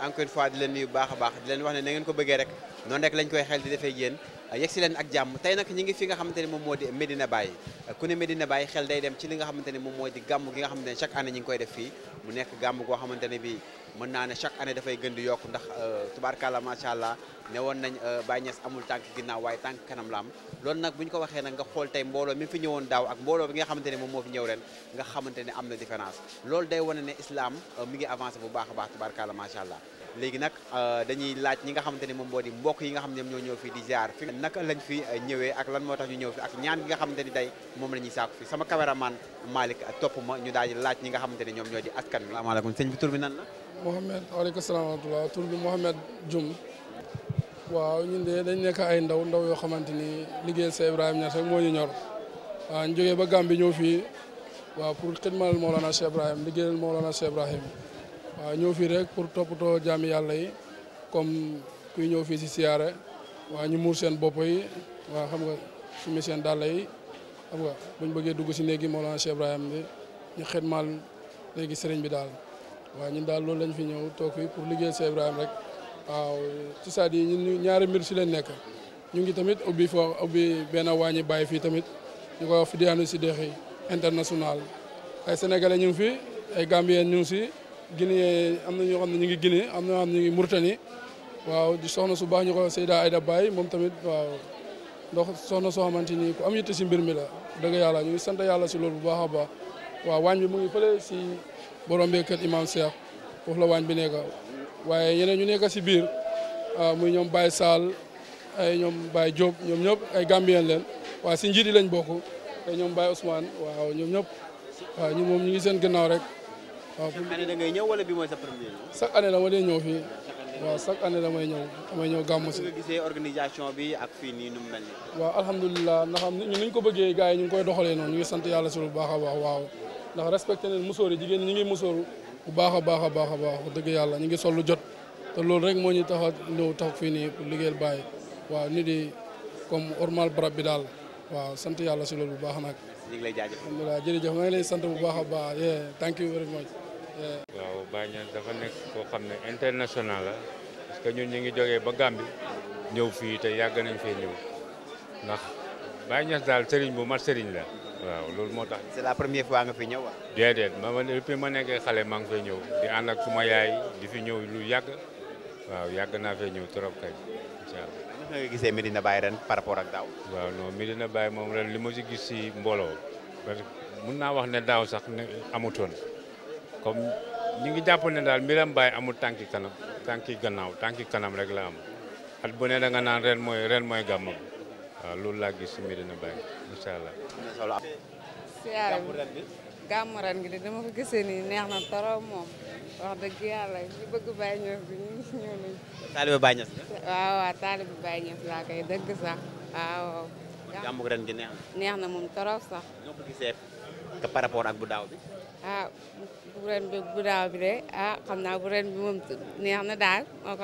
encore une fois di leen nuyu bu baax a baax di leen wax ne na ngeen ko bëggee rek noonu rek lañ koy xel di defee yéen yegg leen ak jàmm tey nag ñi ngi fi nga xamante ne moom moo di Medina Baye ku ne Medina Baye xel day dem ci li nga xamante ne moom moo di gàmm gi nga xamante ne chaque année ñi ngi koy def fii mu nekk gàmm goo xamante ne bi mën naa ne chaque année dafay gën di yokk ndax euh, tubaarkàlla macha allah ne woon nañ euh, ba Niass amul tànk ginnaaw waaye tànk kanam la am loolu nag bu ñu ko waxee nag nga xool tey mbooloo mi fi ñëwoon daaw ak mbooloo bi nga xamante ne moom moo fi ñëw ren nga xamante ne am na différence loolu day wane ne islam euh, ngi avancé bu baax a baax tubaarkàlla macha allah léegi nag dañuy laaj ñi nga xamante ni moom moo di mbokk yi nga xam ne ñoo ñëw fii di ziar fi naka lañ fi ñëwee ak lan moo tax ñu ñëw fi ak ñaan nga xamante ni tey moom la ñuy sàkku fi sama caméraman a topp ma ñu daal laaj ñi nga xamante ne ñoom ñoo di askan wi salaamaaleykum sëñ bi Mouhamed waaleykum salaam wa rahmatulah tur bi Mouhamed Dioum waaw ñun de dañ nekk ay ndaw ndaw yoo xamante ni liggéeyal Cheikh Ibrahima Niass rek moo ñu ñor waaw ñu jógee ba Gambie ñëw fii waaw pour xidmal Mawlana Cheikh Ibrahim liggéeyal Mawlana ñëw fii rek pour toppatoo jaami yàlla yi ñëw fii si siyaare waaw ñu muur seen bopp yi xam nga sumi seen dàll yi buñ bëggee dugg si néegi Mawlana Ibrahim bi ñu xidmal léegi sëriñ bi daal. waaw ñun daal loolu lañ fi ñëw toog fii pour liggéey Cheikh Ibrahim rek waaw c'est-à-dire ñun ñaari mbir si leen nekk ñu ngi tamit ubbi foo ubbi benn waañi bàyyi fii tamit ñu ko wax Fidiane Sidikhi international ay sénégalais ñu ngi fi ay gambien ñu ngi si Guinée am na ñoo xam ne ñu ngi Guinée am na ñoo xam ne ñu ngi Mauritanie waaw di soxna su baax ñu ko Seyda Aïda Baye moom tamit waaw ndox soxna soo xamante ni ku am yitte si mbir mi la dëgg yàlla ñu ngi sant yàlla si loolu bu baax a baax waaw waañ bi mu ngi fële si borom rombee kër imam Cheikh foofu la waañ bi nekk waaye ñeneen ñu nekk si biir ah, muy ñoom bay saal ay ñoom Baye Diop ñoom ñëpp ay Gambien leen waaw si lañ bokk ay ñoom Baye Ousmane waaw ñoom ñëpp waaw ñu moom ñu ngi seen gannaaw rek. waaw chaque année da bi mooy sa premier chaque année dama dee ñëw fii waaw chaque année damay ñëw damay ñëw gàmmu si. nga gisee organisation bi ak fii nii nu mu mel ndax ñu ni ko bëggee gars ñu ngi koy doxalee noonu ñu ngi sant yàlla si lu baax a baax waaw. ndax respecté nañ musóor yi jigéen ñi ngi musóoru bu baax a baax a baax a baax dëgg yàlla ñu ngi sol lu jot te loolu rek moo ñu tax a tax fii nii pour liggéeyal bàyyi waaw ñu di comme ormal barab bi daal waaw sant yàlla si loolu bu baax nag. ñu ngi lay jaajëfal alhamdulilah jërëjëf maa ngi lay sant bu baax a baax thank you very much. waaw Baye nekk koo xam ne international la parce ñu ngi jógee ba Gambie ñëw fii te yàgg nañ fee ñëw ndax Baye daal sëriñ bu mat sëriñ la. waaw loolu moo tax. c'est a première fois nga fi ñëw waaw. déedéet ma ma ma nekkee xale maa ngi fay ñëw di ànd ak suma yaay di fi ñëw lu yàgg waaw yàgg naa fee ñëw trop kay incha allah. naka nga gisee Medina Baye ren par rapport ak daaw. waaw non Medina Baye moom ren li ma si gis si mbooloo parce mun naa wax ne daaw sax ne amutoon comme ñu ngi jàpp ne daal Medina Baye amul tànki kanam tànki gannaaw tànki kanam rek la am at bu ne da nga naan ren mooy ren mooy gàmmam waaw loolu laa gis si Medina Baye incha allah. siyaare bi gàmmu ren gi de dama ko gisee neex na torop moom wax dëgg yàlla ñu bëgg Baye bi ñu ñëw nañu. taaliba Baye Niass la. waaw waaw taaliba Baye Niass laa koy ren gi neex na. neex na moom torop sax. ñoo par rapport ak bu daaw bi. ah bu ah, naa bu bi moom neex na daal moo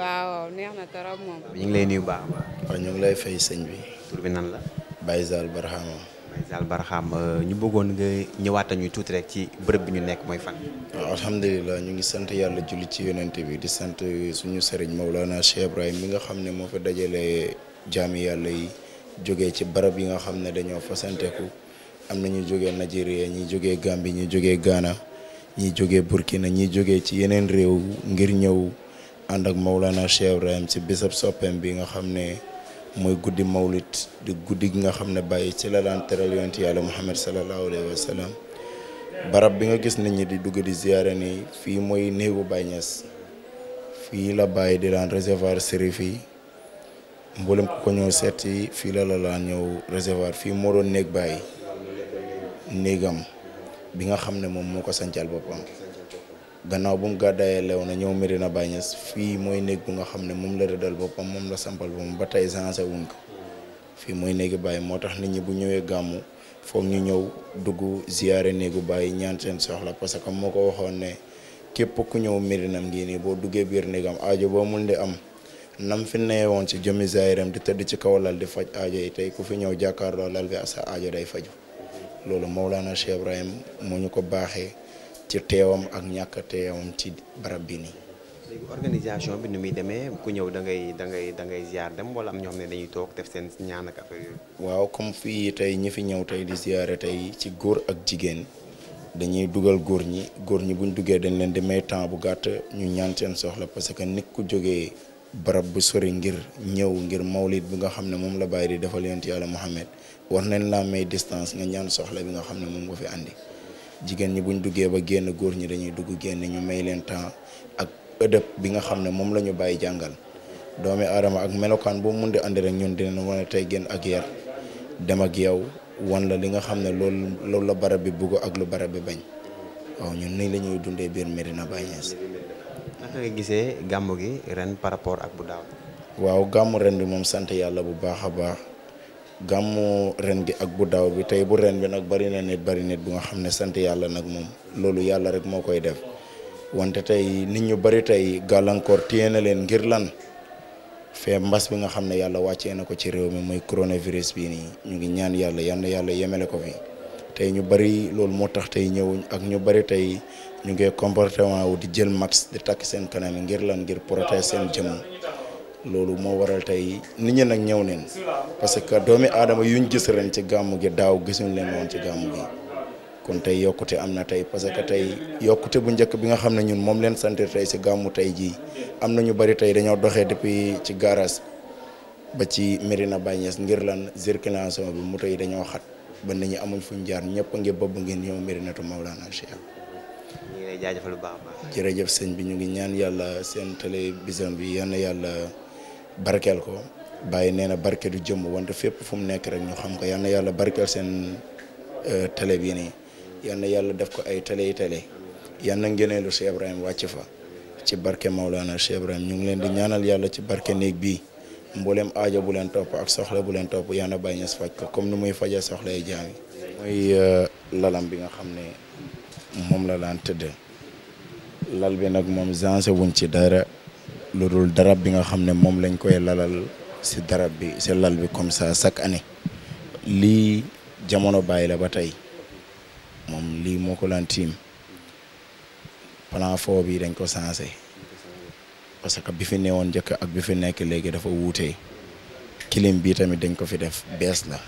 waaw neex na torop moom. ñu ngi lay nuyu bu baax a baax. waaw ñu ngi lay sëñ bi. tur bi nan la. Baye Zal Barhama. Baye Zal Barhama euh, ñu bëggoon nga ñëwaata ñuy tuuti rek ci bërëb bi ñu nekk mooy fan. waaw alhamdulilah ñu ngi sant yàlla julli ci yonent bi di sant suñu sëriñ Maulana Cheikh Ibrahim mi nga xam ne moo fa dajale jaami yàlla yi jógee ci barab yi nga xam ne dañoo fasanteku am na ñu jógee Nigeria ñi jógee Gambie ñi jógee Ghana ñi jógee Burkina ñi jógee ci yeneen réew ngir ñëw ànd ak Maulana Cheikh Ibrahim ci bisab soppeem bi nga xam ne. mooy guddi mawlit di guddi gi nga xam ne bàyyi ci la daan teral yonent yàlla muhammad sallallahu alayhi wa barab bi nga gis nañ ñi di dugg di ziyaare nii fii mooy néegu Baay Ñas fii la bàyyi di daan recevoir sérif yi mboolem ku ko ñëw seeti fii la la daan ñëw recevoir fii moo doon néeg bàyyi néegam bi nga xam ne moom moo ko sancal boppam gannaaw bu mu gàddaayee lew na ñëw Medina Baye Niass fii mooy néeg bu nga xam ne moom la rëddal boppam moom la sampal boppam ba tey changé wuñ ko fii mooy néegi Baye moo tax nit ñi bu ñëwee gàmmu foog ñu ñëw dugg ziyaare néegu Baye ñaan seen soxla parce que moo ko waxoon ne képp ku ñëw Medinam ngi nii boo duggee biir néegam aajo boo mun di am nam fi nee woon ci jëmmi zaayiram di tëdd ci kaw lal di faj ajo yi tey ku fi ñëw jàkkaarloo lal bi sa aajo day faju loolu Mawlana Cheikh Ibrahim moo ñu ko baaxee. ci teewam ak ñàkk teewam ci barab bi nii. organisation bi nu muy demee ku ñëw da ngay da ngay da ngay ziar dem wala am ñoo xam ne dañuy toog def seen ñaan ak affaire waaw comme fii tey ñi fi ñëw tey di ziare tey ci góor ak jigéen dañuy dugal góor ñi góor ñi buñ duggee dañ leen di may temps bu gàtt ñu ñaan seen soxla parce que nit ku jógee barab bu sori ngir ñëw ngir mawlid bi nga xam ne moom la bàyyi di defal yonent yàlla Muhammad war nañ laa may distance nga ñaan soxla bi nga xam ne moom nga fi andi. jigéen ñi buñ duggee ba génn góor ñi dañuy dugg génn ñu may leen temps ak ëdëb bi nga xam ne moom la ñu bàyyi jàngal doomi aadama ak melokaan boo mun di àndi rek ñun dinañ mën a tey génn ak yar dem ak yow wan la li nga xam ne loolu loolu la barab bi bugg ak lu barab bi bañ waaw ñun nii la ñuy dundee biir Médina Baye Niass. naka nga gisee gàmmu gi ren par rapport ak bu daaw. waaw gàmmu ren bi moom sant yàlla bu baax a baax. gàmmu ren gi ak bu daaw bi tey bu ren bi nag bari na nit bari nit bu nga xam ne sant yàlla nag moom loolu yàlla rek moo koy def wante tey nit ñu bari tey gàllankoor téye na leen ngir lan fee mbas bi nga xam ne yàlla wàccee na ko ci réew mi muy coronavirus bii nii ñu ngi ñaan yàlla yal yàlla yàlla yemele ko fi tey ñu bari loolu moo tax tey ñëwuñ ak ñu bari tey ñu ngee comportement wu di jël max di takk seen kanam ngir lan ngir protéger seen jëmm. loolu moo waral tey nit ñi nag ñëw neen parce que doomi aadama yuñ gis ren ci gàmmu gi daaw gisuñ leen woon ci gàmmu gi kon tey yokkute am na tey parce que tey yokkute bu njëkk bi nga xam ne ñun moom leen sant tey si gàmmu tey jii am na ñu bari tey dañoo doxee depuis ci garage ba ci Médina Baye Niass ngir lan circulation bi moto yi dañoo xat ba nit ñi amuñ fuñ jaar ñëpp ngi bëbb ngeen ñëw Médinatu Maulana Cheikh. ñu ngi ñu ngi ñaan yàlla seen télévision bi yal na yàlla. barkeel ko bàyyi nee na barke du jëmm wante fépp fu mu nekk rek ñu xam ko yal na yàlla barkeel seen euh, télé bii nii na yàlla def ko ay télé yi télé yal na ngëneelu Cheikh Ibrahim wàcc fa ci barke Maulana Cheikh Ibrahim ñu ngi leen di ñaanal yàlla ci barke néeg bii mboolem aajo bu leen topp ak soxla bu leen topp yal na bàyyi ñes faj ko comme nu muy fajee soxla yi jaam yi muy euh, lalam bi nga xam ne moom la laan tëdd lal bi nag moom gence wuñ ci dara lu dul darab bi nga xam ne moom lañ koy lalal si darab bi si lal bi comme sa chaque année lii jamono bàyyi la ba tey moom lii moo ko laan tiim plafond dañ ko sensé parce que bi fi newoon njëkk ak bi fi nekk léegi dafa wuute kilim bi tamit dañ ko fi def bees la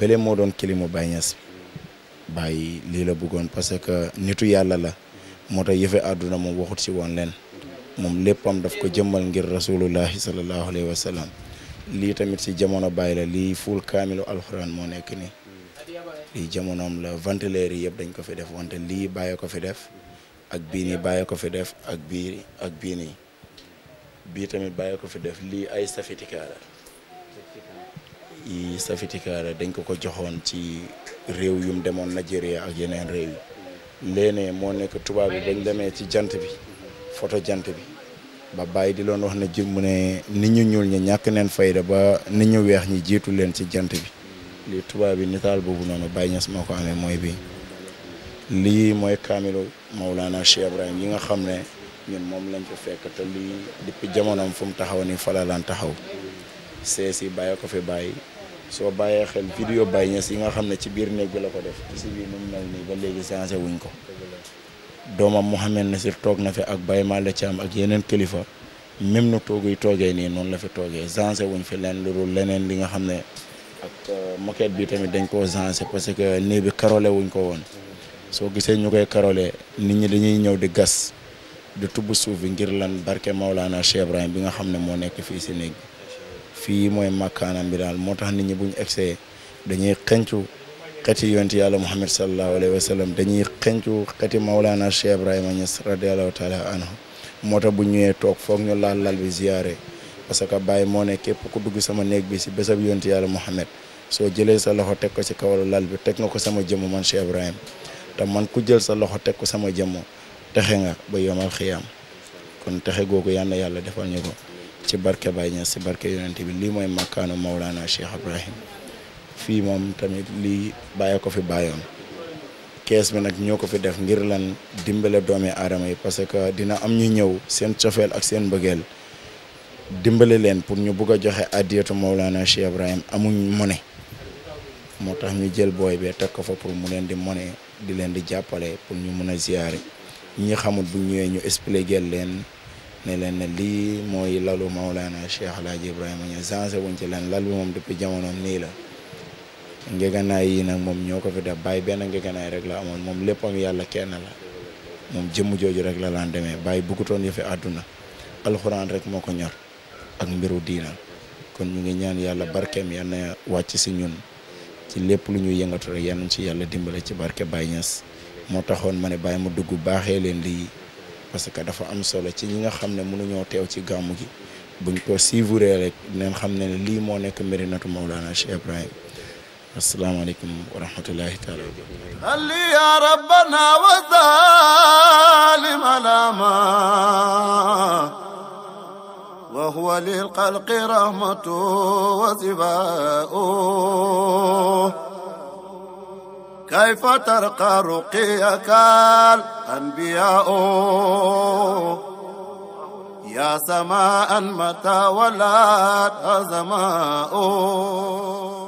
bële moo doon kilimu Baye Niass Baye lii la bëggoon parce que nitu yàlla la moo tax yëfe àdduna moom waxut si woon leen moom léppam daf ko jëmmal ngir rasulullahi sallallahu alayhi wa sallam lii tamit ci jamono bàyyi la lii fuul kaamilu alxuraan moo nekk nii lii jamonoom la ventilaire yi yëpp dañ ko fi def wante lii bàyyi ko fi def ak bii nii ko fi def ak bii ak bii bii tamit bàyyi ko fi def lii ay safitikaa la yi safitikaa dañ ko ko joxoon ci réew yum demoon Nigeria ak yeneen réew yi léene moo nekk tubaab bi bañ demee ci jant bi photo jant bi ba bàyyi di loon wax na jëm mu ne nit ñu ñuul ñu ñàkk neen fayda ba nit ñu weex ñi jiitu leen ci jant bi lii tubaab bi nitaal boobu noonu Baye Niass moo ko amee mooy bi lii mooy kaamilu Maulana Cheikh Ibrahim yi nga xam ne ñun moom lañ ko fekk te lii depuis jamonoom fu mu taxaw ni fala laan taxaw sees yi bàyyi ko fi bàyyi soo bàyyee xel vidéo Baye Niass yi nga xam ne ci biir néeg bi la ko def ci biir nu mu nii ba léegi changé wuñ ko domam mouhamed nasir toog na fe ak bayma lethiam ak yeneen kalifa même no toogoy toogee nii noonu la fi toogee zancé wuñ fi leen lurul leneen li nga xam ne ak euh, moquette bi tamit dañ koo zancé parce que nii bi carolé wuñ ko woon soo gisee ñu koy carolé nit ñi dañuy ñëw di gas di tubb suuf ngir lan barke maolana cheh ibrahim bi nga xam ne moo nekk fii si néeg fii mooy makkaanam bi daal moo tax nit ñi buñ excé dañuy xencu xeeti yonti yàlla muhammad salallahu alayhi wa sallam dañuy xencu xeeti maulana cheikh ibrahima ñas radiallahu taala anhu moo tax bu ñëwee toog foog ñu laal lal bi ziyaare parce que Baye moo ne képp ku dugg sama néeg bi si bésab yonti yàlla muhammad soo jëlee sa loxo teg ko si kawalu lal bi teg nga ko sama jëmm man cheikh ibrahima te man ku jël sa loxo teg ko sama jëmm texe nga ba yomal xiyaam kon texe googu yanna yàlla defal ñu ko ci barke Baye Ñas si barke yonente bi lii mooy makkaanu maulana fii moom tamit lii bàyyi ko fi bàyyoon kees bi nag ñoo ko fi def ngir lan dimbale doomi aadama yi parce que dina am ñu ñëw seen sofeel ak seen mbëggeel dimbale leen pour ñu bugg a joxe addiyatu Mawlana Cheikh Ibrahim amuñ mone moo tax ñu jël booy bee teg ko fa pour mu leen di mone di leen di jàppale pour ñu mun a ziyaare ñi xamut bu ñëwee ñu expliquer leen ne leen ne lii mooy lalu Mawlana Cheikh El Hadj Ibrahima ñu changé wuñ ci leen lal bi moom depuis jamonoom nii la. ngeganaay yi nag moom ñoo ko fi def bàyyi benn ngeganaay rek la amoon moom léppam yàlla kenn la moom jëmm jooju rek la laan demee bàyyi bëggutoon yëfi àdduna alxuraan rek moo ko ñor ak mbiru diina kon ñu ngi ñaan yàlla barkeem yal na wàcc si ñun ci lépp lu ñuy yëngatu rek yal nañ ci yàlla dimbale ci barke Baye ñas moo taxoon ma ne bàyyi ma dugg baaxee leen lii parce que dafa am solo ci ñi nga xam ne mënuñoo teew ci gàmmu gi buñ ko suivre rek dinañ xam ne lii moo nekk mérinatu Maulana Cheikh Ibrahim السلام عليكم ورحمة الله تعالى هل يا ربنا وظالم لاما وهو للخلق رحمة وزباء كيف ترقى رقيك الأنبياء يا سماء متى ولات أزماء